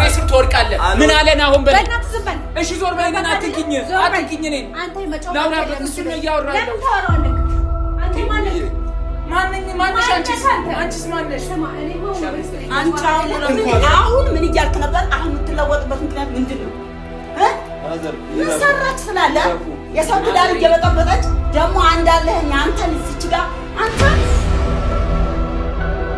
እግሬ ስር ትወድቃለህ። ምን አለን አሁን በል እሺ፣ ዞር በል አትንኪኝ፣ አትንኪኝ። እሱን ነው እያወራለሁ። አሁን ምን እያልክ ነበር? አሁን የምትለወጥበት ምክንያት ምንድን ነው? ምን ሰራች ስላለ የሰው ትዳር እየበጠበጠች ደግሞ አንዳለህ አንተን እዚች ጋር አንተ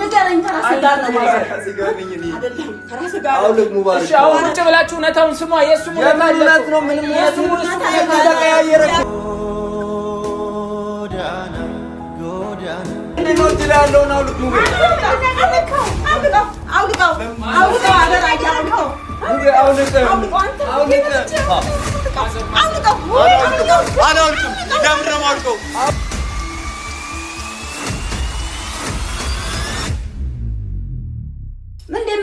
ንገረኝ። አሁን ቁጭ ብላችሁ እውነታውን ስሟ። የእሱም እውነት ነው። ምንም ተቀያየረ። ያለውን አውልቅ አውልቀው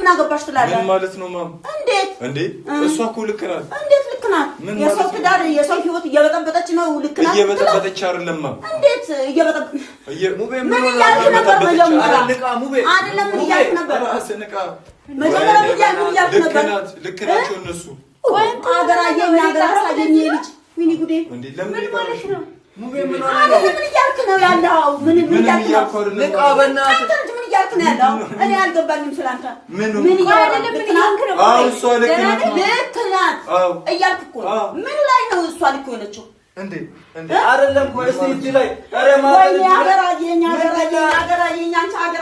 ምን አገባሽ ትላለህ? ምን ማለት ነው ማም? እንዴት እንዴ? እሷ እኮ ልክ ናት። እንዴት ልክ ናት? የሰው ትዳር የሰው ህይወት እየበጠበጠች ነው። ልክ ናት። እየበጠበጠች አይደለም ማም። እንዴት እየበጠበ ምን ነበር? መጀመሪያ አይደለም ምን እያልክ ነበር? መጀመሪያ ምን እያልክ ነበር? ልክ ናቸው እነሱ። ወይም አገር አየኝ አገር አሳየኝ ልጅ ሚኒ ጉዴ ምን ማለት ነው ምን እያልክ ነው ያለው? ምን ምን እያልክ ነው? ንቃ በእናትህ እያልክ ነው ያለው። እኔ አልገባኝም። ስላንተ ምን ልክ እያልክ ነው እሷ ልክ የሆነችው? እንዴ አይደለም እኮ እስቲ እጅ ላይ ነው። አገራ የኛ አገራ የኛ አገራ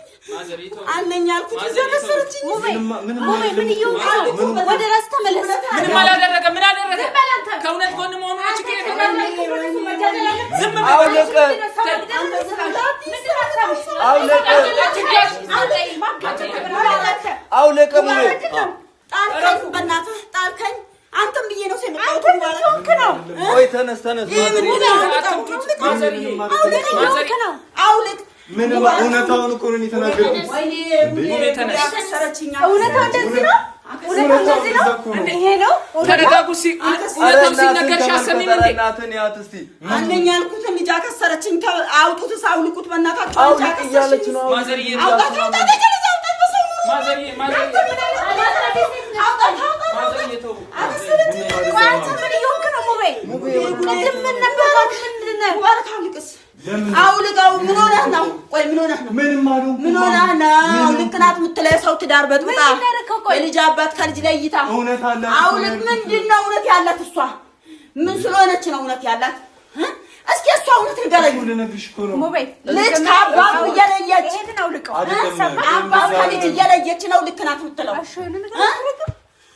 አለኝ አልኩት። ወደ ራስ ተመለስ። ምንም አላደረገ ምን አደረገ? አውለቀ ጣልከኝ፣ በእናትህ ጣልከኝ። አንተም ብዬ ነው ምን እውነታውን እኮ ነው የተናገረው። እውነታው እንደዚህ ነው። ነው። ተረጋጉ። እውነታው ሲነገርሽ አውልቀው ምን ሆነህ ነው? ቆይ ምን ሆነህ ነው? ምን ሆነህ ነው? ልክ ናት የምትለው የሰው ትዳር በጥብጣ የልጅ አባት ከልጅ ለይታ አውልቅ። ምንድን ነው እውነት ያላት? እሷ ምን ስለሆነች ነው እውነት ያላት? እስኪ እሷ እውነት ንገረኝ። ልጅ ከአባት እየለየች አባት ከልጅ እየለየች ነው ልክ ናት የምትለው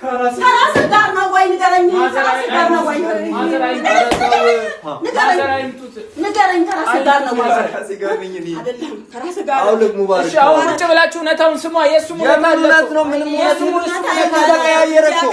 ከራስ ጋር ነው ወይ ንገረኝ። ከራስ ጋር ነው ወይ ንገረኝ። ከራስ ጋር ነው ወይ አይደለም። ከራስ ጋር እሺ። አሁን ቁጭ ብላችሁ እውነታውን ስሟ። የእሱ እውነት ነው። ምንም የእሱ እውነት ተቀያየረ እኮ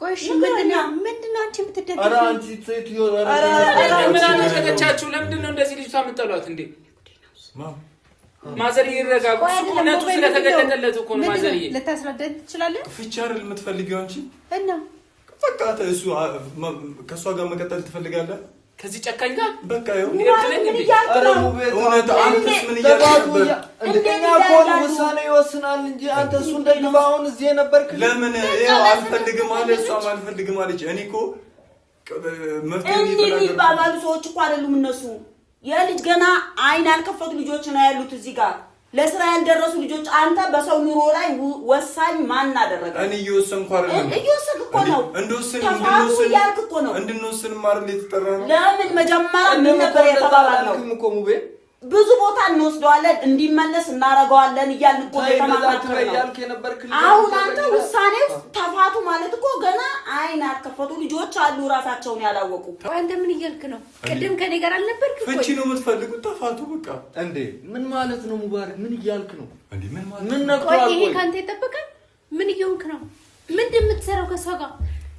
ቆይሽ ምንድነው አንቺ ኧረ አንቺ ሴትዮ እንደዚህ ልጅቷ የምትጠሏት እንዴ? ማዘር ይረጋጉ። እውነቱ ስለተገለጠለት እኮ ነው። ማዘር ልታስረዳኝ ትችላለህ? ፍቺ ጋር መቀጠል ትፈልጋለህ? ከዚህ ጨካኝ ጋር በቃ እንደኛ ከሆነ ውሳኔ ይወስናል እንጂ አንተ እሱ እንደግባ አሁን እዚህ የነበርክ ለምን አልፈልግም አለ፣ እሷም አልፈልግም አለች። እኔ እኮ የሚባባሉ ሰዎች እኮ አይደሉም እነሱ የልጅ ገና አይን ያልከፈቱ ልጆች ነው ያሉት እዚህ ጋር ለስራ ያልደረሱ ልጆች አንተ በሰው ኑሮ ላይ ወሳኝ ማን አደረገ? እኔ እየወሰንኩ አይደለም። እየወሰንክ እኮ ነው። እንድንወስን እያልክ እኮ ነው። እንድንወስን ማር የተጠራ ነው። ለምን መጀመሪያ ምን ነበር የተባባልነው? ብዙ ቦታ እንወስደዋለን እንዲመለስ እናደርገዋለን እያልን እኮ አሁን አንተ ውሳኔ ተፋቱ ማለት እኮ ገና አይን ያልከፈቱ ልጆች አሉ፣ ራሳቸውን ያላወቁ። አንተ ምን እያልክ ነው? ቅድም ከኔ ጋር አልነበርክ? ፍቺ ነው የምትፈልጉት? ተፋቱ በቃ። እንዴ ምን ማለት ነው? ሙባረክ ምን እያልክ ነው? ምን ይሄ ከአንተ ይጠበቃል? ምን እየሆንክ ነው? ምንድን የምትሰራው ከእሷ ጋር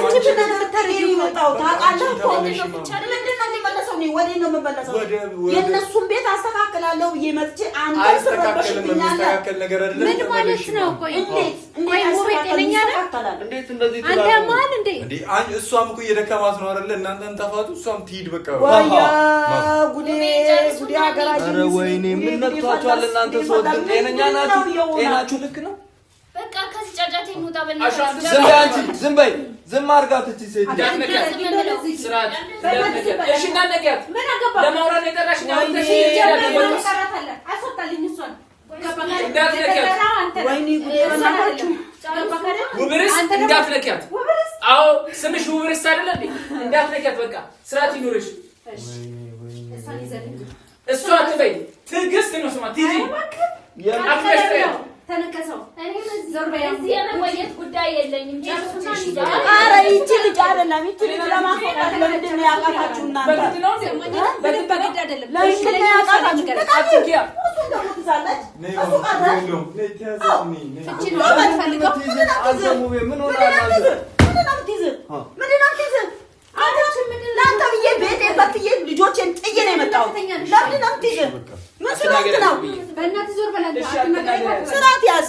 አንቺ ብለህ ብታረጊ የመጣሁት ታውቃለህ እኮ ምንድን ነው የሚመለሰው? እኔ ወዴት ነው የምመለሰው? የእነሱን ቤት አስተካክላለሁ ብዬ መጥቼ አንተ ስረበሽብኛለህ። ምን ማለት ነው? እንዴት አንተ ያማል እንዴ? እሷም እኮ እየደከማት ነው አይደለ? እናንተን ተፋቱ፣ እሷም ትሂድ በቃ። ወያ ጉዴ ጉዴ! ሀገራችን ወይኔ! ምን መጥቷቸዋል እናንተ ሰዎች? ጤነኛ ናችሁ? ጤናችሁ ልክ ነው ዝም በይ፣ ዝም አድርጋት። እቺ ሴት ውብርስ እንዳትነኪያት። አዎ ስምሽ ውብርስ አይደለ? እንዳትነኪያት። በቃ ስርዓት ይኑርሽ። እሷ ትበይ ትዕግስት ነው ስማ ተነቀሰው እዚህ የመቆየት ጉዳይ የለኝም። ኧረ ይቺ ልጅ አይደለም ይቺ ልጅ ለማስወጣት ለምንድን ነው ያቃታችሁ? እናንተ አይደለም ለምንድን ነው ያቃታችሁ? ለአንተ ብዬ ቤቴን በትዬ ልጆቼን ጥዬ ነው የመጣሁት። ለምንድን ነው የምትይዘው? መስራት ስራት ያዝ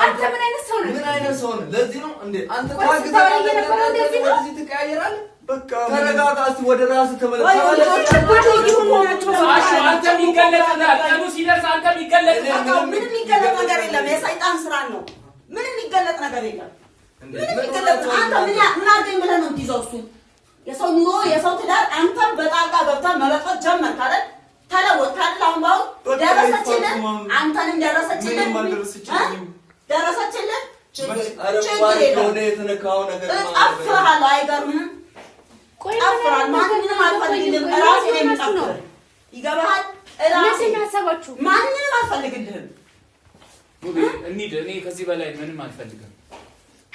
አንተ ምን አይነት ሰው ነህ? ምን አይነት ሰው ነህ? ለዚህ ነው እንዴ አንተ ትቀያየራለህ። ወደ ራስህ የለም። የሰይጣን ስራ ነው። ምንም የሚገለጥ የሰው ኑሮ፣ የሰው ትዳር አንተም በጣልቃ ገብተህ መበጥበጥ ጀመርክ አይደል? ተለወጥክ አይደል? አሁን በአሁን ደረሰችልን፣ አንተንም ደረሰችልን። ደረሰችልን። ጭጭጠፍሃል አይገርምህም? ጠፍሃል ማንንም አልፈልግልህም። እራሴ ነው የምጠፍርህ። ይገባሃል? ማንንም አልፈልግልህም። እኔ ከዚህ በላይ ምንም አልፈልግም።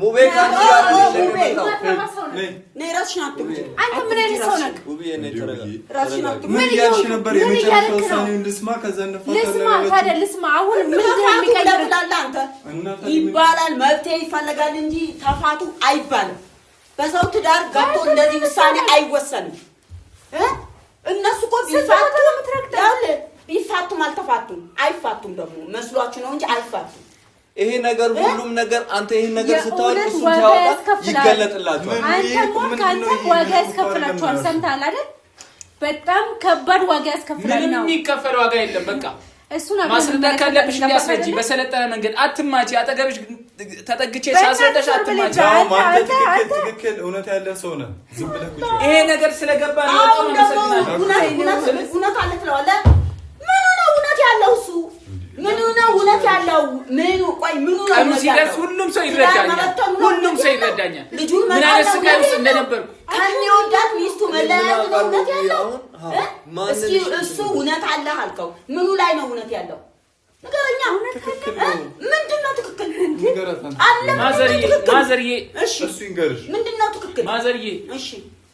ሙቤ ራስሽን አትሙጪ። አንተ ነበር? የመጨረሻ ውሳኔ ልስማ። ከዛ ልስማ አሁን ምን የሚቀይር ይባላል። መብቴ ይፈለጋል እንጂ ተፋቱ አይባልም። በሰው ትዳር ገብቶ እንደዚህ ውሳኔ አይወሰንም። እነሱ እኮ ቢፋቱም አልተፋቱም አይፋቱም። ደግሞ መስሏችሁ ነው እንጂ አይፋቱም ይሄ ነገር ሁሉም ነገር አንተ ይሄን ነገር ስታወቅ እሱ ሲያወጣ ይገለጥላቸዋል። አንተ ዋጋ ያስከፍላቸዋል። ሰምተሃል አይደል? በጣም ከባድ ዋጋ ያስከፍላል። ምንም የሚከፈል ዋጋ የለም። በቃ ነው ማስረዳት ካለብሽ እንዲያስረጂ በሰለጠነ መንገድ አትማች። አጠገብሽ ተጠግቼ ሳስረዳሽ አትማች። ትክክል፣ እውነት ያለ ሰው ነህ። ይሄ ነገር ስለገባ ነው። ያለው እሱ ምኑ ነው እውነት ያለው? ምኑ ቆይ ምኑ ነው ቀኑ ሲደርስ ሁሉም ሰው ይረዳኛል፣ ሁሉም ሰው ይረዳኛል። ልጁን ምን አይነት ስቃይ ውስጥ እንደነበርኩ ከሚወዳት ሚስቱ መለያየት ነው እውነት ያለው? እስኪ እሱ እውነት አለ አልከው፣ ምኑ ላይ ነው እውነት ያለው? ንገረኛ። ምንድን ነው ትክክል? አለ ማዘርዬ፣ ማዘርዬ፣ እሺ፣ ምንድን ነው ትክክል? ማዘርዬ፣ እሺ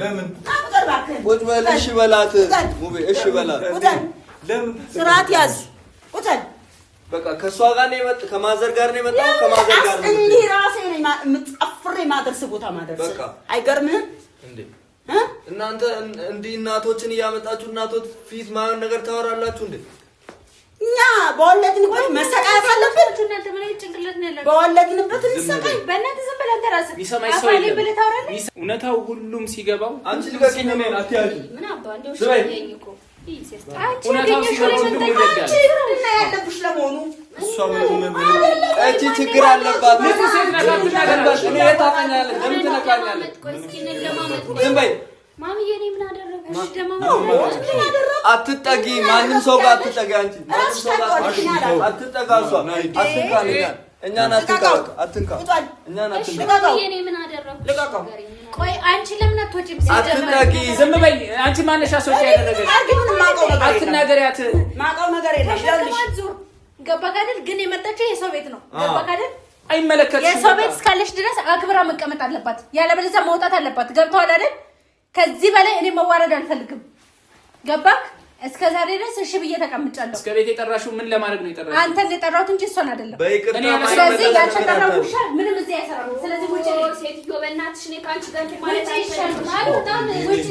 ለምን ቁጭ በል። እሺ በላት እሺ በላት። ስርዓት ያዝ። በቃ ከእሷ ጋር ነው የመጣ ከማዘር ጋር ነው የመጣ ከማዘር ጋር ነው እንዴ ራሴ ነው የምጠፍሬ ማደርስ ቦታ ማደርስ አይገርምህም እንዴ? እናንተ እንዲህ እናቶችን እያመጣችሁ እናቶች ፊት ማየን ነገር ታወራላችሁ እንዴ? እኛ በወለድንበት መሰቃየት አለብን። በወለድንበት እንሰቃይ። በእናትህ ዝም ብለህ ተራስህ እውነታው ሁሉም ሲገባው ያለብሽ ለመሆኑ እቺ ችግር አለባት። ታውቀኛለህ። ለምን ትነካኛለህ? ዝም በይ ማሚዬ። እኔ ምን አደረግኩ? አትጠጊ፣ ማንም ሰው ጋር አትጠጊ። አንቺ አትጠጋ፣ ዝም በይ። አንቺ ማነሻ ሰው አትናገሪያት። ግን የመጣችው የሰው ቤት ነው። ገባህ አይመለከትሽም። የሰው ቤት እስካለሽ ድረስ አክብራ መቀመጥ አለባት፣ ያለበለዚያ መውጣት አለባት። ገብቶሃል አይደል? ከዚህ በላይ እኔ መዋረድ አልፈልግም። ገባክ? እስከ ዛሬ ድረስ እሺ ብዬ ተቀምጫለሁ። እስከ ቤት የጠራሽው ምን ለማድረግ ነው የጠራሽው? አንተን የጠራሁት እንጂ እሷን አይደለም። ስለዚህ ያንተ ጠራው ውሻ ምንም እዚህ አይሰራም። ስለዚህ ውጪ ሴትዮ፣ በእናትሽ እኔ ከአንቺ ጋር ማለት አይሻልም። ውጪ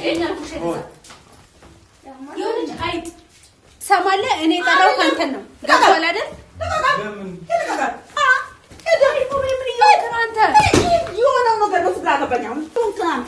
የሆነች አይጥ ሰማለህ። እኔ የጠራሁት አንተን ነው። ገብቶሃል አይደል? ምን አንተ የሆነው ነገር ነው። ስራ ገባኝ አሁን ትናንተ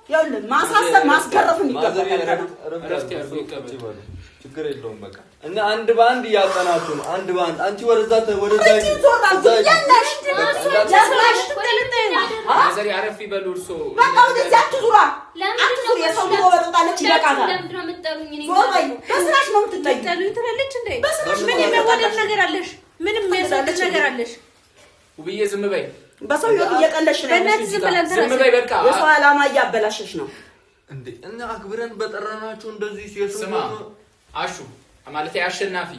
ይኸውልህ ማሳሰብ ችግር የለውም። በቃ እና አንድ በአንድ እያጠናቱ ነው። አንድ በአንድ አንቺ ወደዛ ወደዛ አረፍ ይበሉ እርስዎ። በቃ ወደዚህ አትዙራ፣ አትዙሪ። የሰው ልጅ ወጣለች ይበቃታል። በስራሽ ነው የምትጠይኝ ትላለች። እንደ በስራሽ ምን የሚያዋደድ ነገር አለሽ? ምንም የሚያሳድድ ነገር አለሽ? ውብዬ ዝም በይ በሰው ህይወት እየቀለሽ ነው። የሰው ዓላማ እያበላሸሽ ነው እንዴ! እና አክብረን በጠራናቸው እንደዚህ ስማ፣ አሹ ማለት አሸናፊ፣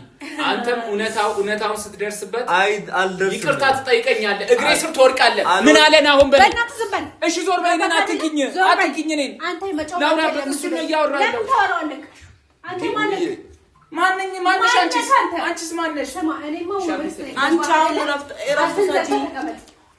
አንተም እውነታው እውነታውን ስትደርስበት ይቅርታ ትጠይቀኛለህ፣ እግሬ ስር ትወድቃለህ። ምን አለን አሁን በል እሺ፣ ዞር በል እኔን አትንኪኝ፣ አትንኪኝ። እኔን ላውራ እሱ ነው እያወራለሁ። ማንኝ ማነሽ? አንቺስ ማነሽ? አንቺ አሁን እረፍት ሰጪ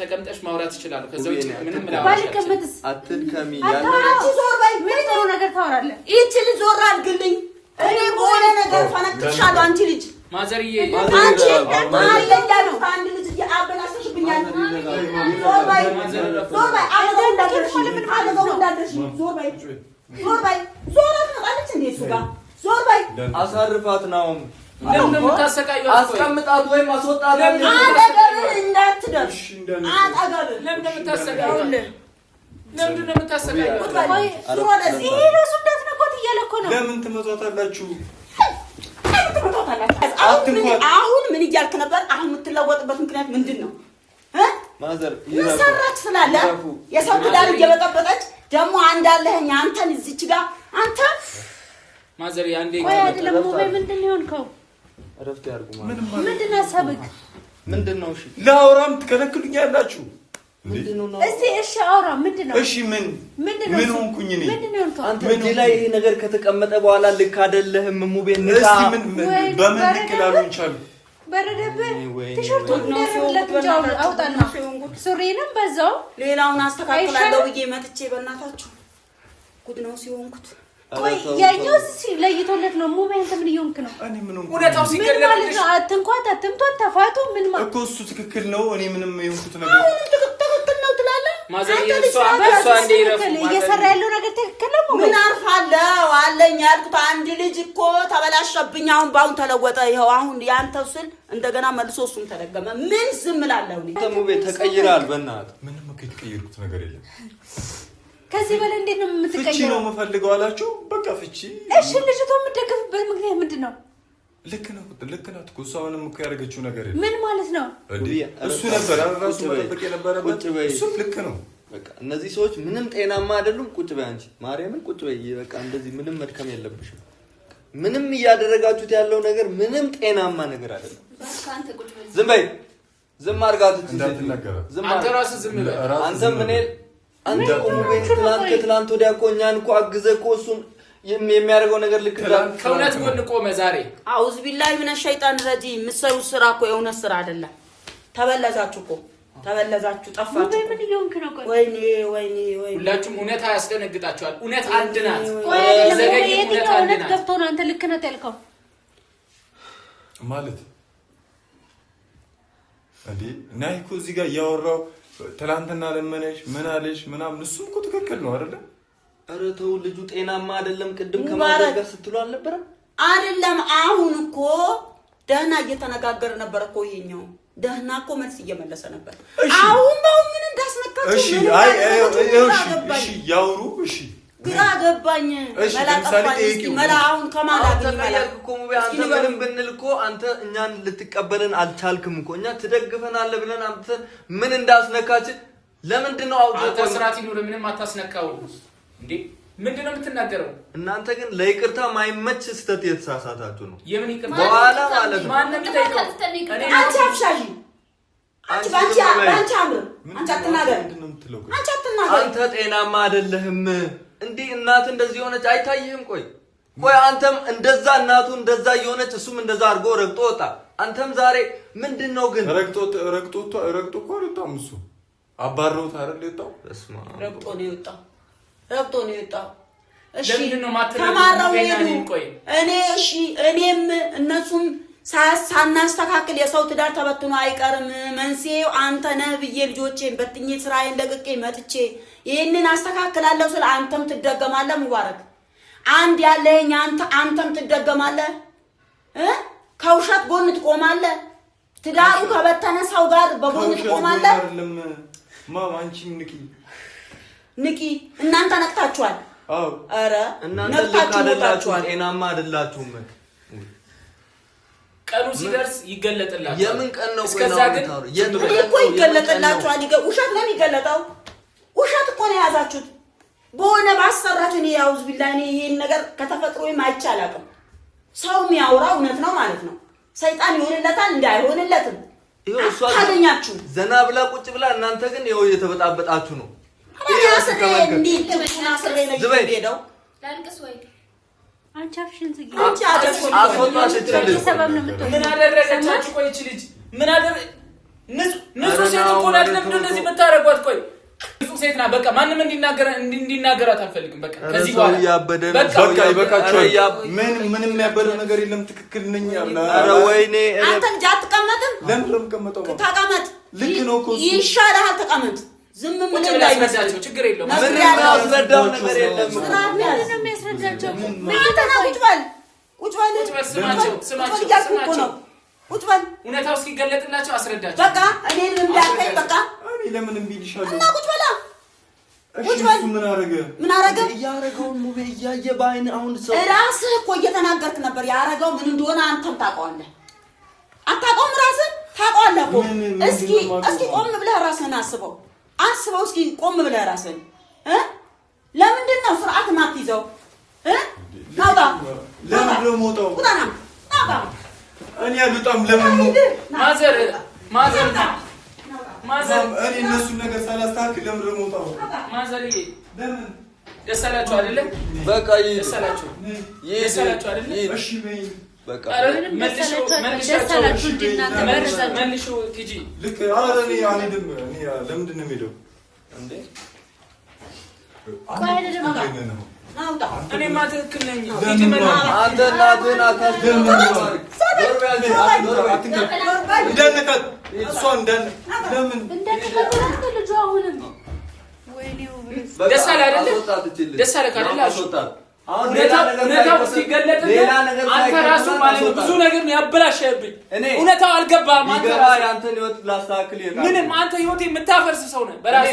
ተቀምጠሽ ማውራት ይችላሉ። ከዛ ውጭ ምንም ባልቀመጥስ አትልከሚ ያለች ዞር በይ። ምን ጥሩ ነገር ታወራለህ? ይህቺ ልጅ ዞር አድርግልኝ። እኔ በሆነ ነገር ፈነጥሻለሁ። አንቺ ልጅ ማዘርዬ፣ አንቺ አለዳ ነው አንድ ልጅ አበላሽብኛል። ዞር በይ፣ ዞር በይ፣ አደጋው እንዳደረሽ፣ አደጋው እንዳደረሽ። ዞር በይ፣ ዞር በይ፣ ዞር አትመጣለች እንዴ ጋር ዞር በይ። አሳርፋት ነው አስቀምጣት ወይም አስወጣት። አጠገብህ እንዳትደርስ ለምን ትመቷታላችሁ? አሁን ምን እያልክ ነበር? አሁን የምትለወጥበት ምክንያት ምንድን ነው? ምን ሰራች ስላለ የሰው ትዳር እየበጠበጠች ደግሞ አንዳለህኝ አንተን እዚች ጋር አንተ ማዘር ያንዴ ወይ አይደለም ወይ ምንድን ነው የሆንከው? እረፍት ያድርጉ። ምንድን ነው ሰብክ ምንድን ነው? እሺ ለአውራም ትከለክሉኝ ያላችሁ አውራ ምንድን ነገር ከተቀመጠ በኋላ ልክ አይደለህም። ሙቤ ንታ በምን ልክ ላሉኝ ቻሉ ሱሪንም በዛው ሌላውን አስተካክላለሁ ብዬ መጥቼ በእናታችሁ ጉድ ነው ሲሆንኩት ለይቶለት ነው። ሙቤን ምን እየሆንክ ነው? አትንኳት፣ አትምቷት፣ ተፋቱ። ምን እኮ እሱ ትክክል ነው። እኔ ምንም የሆንኩት ነገር ትክክል ነው ትላለህ። እየሰራ ያለው ነገር ትክክል ነው። ምን አርፋለሁ አለኝ ያልኩት አንድ ልጅ እኮ ተበላሸብኝ። አሁን በአሁን ተለወጠ። ይኸው አሁን ያንተ ስል እንደገና መልሶ እሱም ተደገመ። ምን ዝም እላለሁ። ተቀይራል። በእናትህ ምንም እኮ የተቀየርኩት ነገር የለም ከዚህ በላይ እንዴት ነው የምትቀየረው? ፍቺ ነው የምፈልገው አላችሁ። በቃ ፍቺ። እሺ ልጅቷ የምትደግፍበት ምክንያት ምንድን ነው? ልክ ነው፣ ልክ ነው እኮ እሱ አሁንም እኮ ያደረገችው ነገር የለም። ምን ማለት ነው? እሱ ነበር ራሱ መጠበቅ የነበረበት። እሱም ልክ ነው። በቃ እነዚህ ሰዎች ምንም ጤናማ አይደሉም። ቁጭ በይ አንቺ፣ ማርያምን ቁጭ በይ። በቃ እንደዚህ ምንም መድከም የለብሽም። ምንም እያደረጋችሁት ያለው ነገር ምንም ጤናማ ነገር አይደለም። ዝም በይ፣ ዝም አድርጋት። አንተ ራስህ ዝም በል። አንተም እኔ አንተ እኮ ትናንት ከትናንት ወዲያ እኮ እኛን እኮ አግዘህ እኮ እሱን የሚያደርገው ነገር ልክ ከእውነት ጎን ቆመ። ዛሬ አውዝ ቢላሂ ምን ሸይጣን ረጂ የምትሰሩት ስራ እኮ የእውነት ስራ አይደለም። ተበለዛችሁ እኮ ተበለዛችሁ፣ ጠፋችሁ። ወይኔ ወይኔ ወይኔ፣ ሁላችሁም እውነት አያስደነግጣችኋል። እውነት አንድ ናት። የትኛው እውነት ገብቶ ነው አንተ ልክ ናት ያልከው? ማለት እንዴ ነህ እዚህ ጋር እያወራሁ ትላንትና ለመነሽ ምን አለሽ ምናምን። እሱም እኮ ትክክል ነው አይደለም? ኧረ ተው ልጁ ጤናማ አይደለም። ቅድም ከማድረግ ጋር ስትሉ አልነበረም? አይደለም አሁን እኮ ደህና እየተነጋገረ ነበር እኮ ይሄኛው ደህና እኮ መልስ እየመለሰ ነበር። አሁን በአሁን ምን እንዳስነካቸው ያውሩ እሺ ግራ ገባኝ። ለምሳሌ አሁን ምንም ብንል እኮ አንተ እኛን ልትቀበልን አልቻልክም እኮ እኛ ትደግፈናለህ ብለን አንተ ምን እንዳስነካች ለምንድን ነው አውጥቶ ስርዓት ይኑር። ምንም አታስነካው እንዴ? ምንድን ነው የምትናገረው? እናንተ ግን ለይቅርታ ማይመች ስህተት የተሳሳታችሁ ነው። የምን ይቅርታ በኋላ ማለት ነው። ማንም ጠይቀው። አንቺ አፍሻይ አንቺ አንቺ አንቺ አንቺ አትናገር። አንተ ጤናማ አይደለህም። እንዲህ እናት እንደዚህ የሆነች አይታይህም? ቆይ ቆይ አንተም እንደዛ እናቱ እንደዛ እየሆነች እሱም እንደዛ አድርጎ ረግጦ ወጣ። አንተም ዛሬ ምንድን ነው ግን ረግጦ ረግጦ ረግጦ እኮ አልወጣም እሱ አባረውት አይደል የወጣው? ረግጦ ነው የወጣው። ረግጦ ነው የወጣው። እሺ ተማረው ሄዱ። እኔ እሺ እኔም እነሱም ሳናስተካክል የሰው ትዳር ተበትኖ አይቀርም። መንስኤው አንተ ነህ ብዬ ልጆቼን በትኜ ስራዬን ለቅቄ መጥቼ ይህንን አስተካክላለሁ ስለ አንተም ትደገማለህ። ሙባረክ አንድ ያለኝ አንተ አንተም ትደገማለህ። ከውሸት ጎን ትቆማለህ። ትዳሩ ከበተነ ሰው ጋር በጎን ትቆማለህ። ንቂ እናንተ ነቅታችኋል። ኧረ ነቅታችሁ ጤናማ አይደላችሁም። ቀኑ ሲደርስ ይገለጥላቸዋል። የምን ቀን ነው? እስከዛ ግን እኮ ይገለጥላቸዋል። ውሸት ነው የሚገለጠው። ውሸት እኮ ነው የያዛችሁት። በሆነ ባሰራችሁ። እኔ ያውዝ ቢላ እኔ ይህን ነገር ከተፈጥሮ ወይም አይቼ አላውቅም። ሰው የሚያወራ እውነት ነው ማለት ነው። ሰይጣን ይሆንለታል እንዳይሆንለትም አታገኛችሁ። ዘና ብላ ቁጭ ብላ፣ እናንተ ግን ይኸው እየተበጣበጣችሁ ነው። ነው ዝም ወይ አንቺ አፍሽን ዝጊ። አንቺ አስወጣሽ። ቆይ ይህች ልጅ ምን አደረ ንጹህ ሴት እኮ ናት። ለምንድን እንደዚህ የምታደርጓት? ቆይ ንጹህ ሴት ናት። በቃ ማንም እንዲናገራት አልፈልግም። በቃ ከዚህ በኋላ ያበደ በቃ ይበቃችኋል። ምን ምንም ያበደ ነገር የለም። ትክክል ነኝ። ኧረ ወይኔ አንተ እንጂ አትቀመጥም። ለምን ለምን ተቀመጥ። ልክ ነው እኮ ይሻልሃል። ተቀመጥ ዝም ምን እንዳይመስላቸው ችግር የለውም። ምን ያስረዳው ነገር የለም። የሚያስረዳቸው ቁጭ በል እውነታው እስኪገለጥላቸው አስረዳቸው። በቃ እኔ እንዳልከኝ በቃ ለምን እምቢ ይልሻለሁ እና ቁጭ በላ ምን አረገ ያረገውን ሙቤ እያየ በአይን አሁን ሰው ራስህ እኮ እየተናገርክ ነበር። ያረገው ምን እንደሆነ አንተም ታውቀዋለህ። አታውቀውም? ራስህ ታውቀዋለህ እኮ። እስኪ እስኪ ቆም ብለህ ራስህን አስበው። አስበው እስኪ ቆም ብለህ ራስህን ለምንድን ነው ስርዓት ማትይዘው? ለምን ነው ሞተው? ቁጣና እኔ ለምን ነው ማዘር ማዘር ማዘር እኔ ነገር ሳላስተካክል ለምን ነው ሞተው? ደስ አላችሁ አይደለ? በቃ ይሄ ደስ አላችሁ አይደለ? እሺ በይ بقى ما اللي شو ما اللي شو ما اللي شو تجي لك هذا اللي يعني دم يعني دم دم يدو عندي እኔማ ትክክል ነኝ። አንተና ግን እንዳነካት እሷ እንዳን ለምን ደስ አለ አይደለ? ደስ አለ ካደላ እውነታው ሲገለጥ ብዙ ነገር ያበላሸብኝ። እውነታው አልገባም ምንም አንተ ህይወት የምታፈርስ ሰው ነህ በራሱ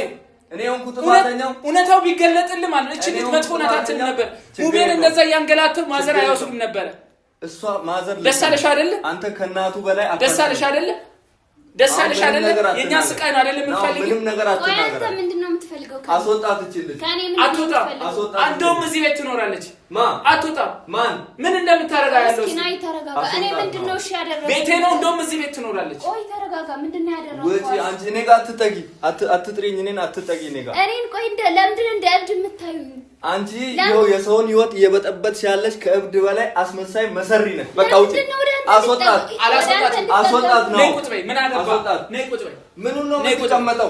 እውነታው ቢገለጥልህ ማለት እች ልጅ መጥፎ ናት አትልም ነበር። ሙቤን እንደዛ እያንገላትህ ማዘር አይወስዱም ነበረ። ደስ አለሽ አይደለ? ደስ አለሽ አይደለ? ደስ አለሽ አይደለ? የእኛ ስቃይ ነው አይደለ? የምንፈልግ ምንም ነገር አስወጣት እዚህ ቤት ትኖራለች። ማን አትወጣም። ምን እንደምታረጋ ያለው ነው። እንደውም እዚህ ቤት ትኖራለች። ቆይ ተረጋጋ። እኔ ጋር አትጠጊ፣ አትጥሪኝ። እኔን አትጠጊ። እኔ ጋር እኔን ቆይ ለምንድን እንደ እብድ የምታዩኝ አንቺ ይኸው የሰውን ህይወት እየበጠበጥሽ ያለሽ ከእብድ በላይ አስመሳይ መሰሪ ነሽ። በቃ ውጪ። አስወጣት። አላስወጣት። አስወጣት አስወጣት ነው ነይ ምን ነው የምትቀመጠው?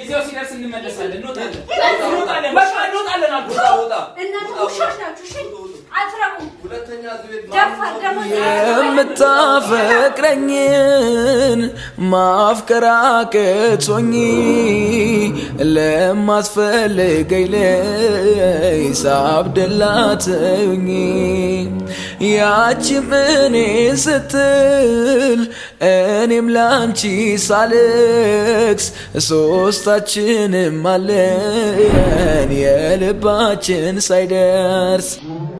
ጊዜው ሲደርስ እንመለሳለን። እንወጣለን፣ እንወጣለን። የምታፈቅረኝን ማፍቀር አቅቶኝ ለማትፈልገኝ ላይ ሳብደላትኝ ያቺም እኔ ስትል እኔም ላንቺ ሳልክስ ሶስታችንም አለን የልባችን ሳይደርስ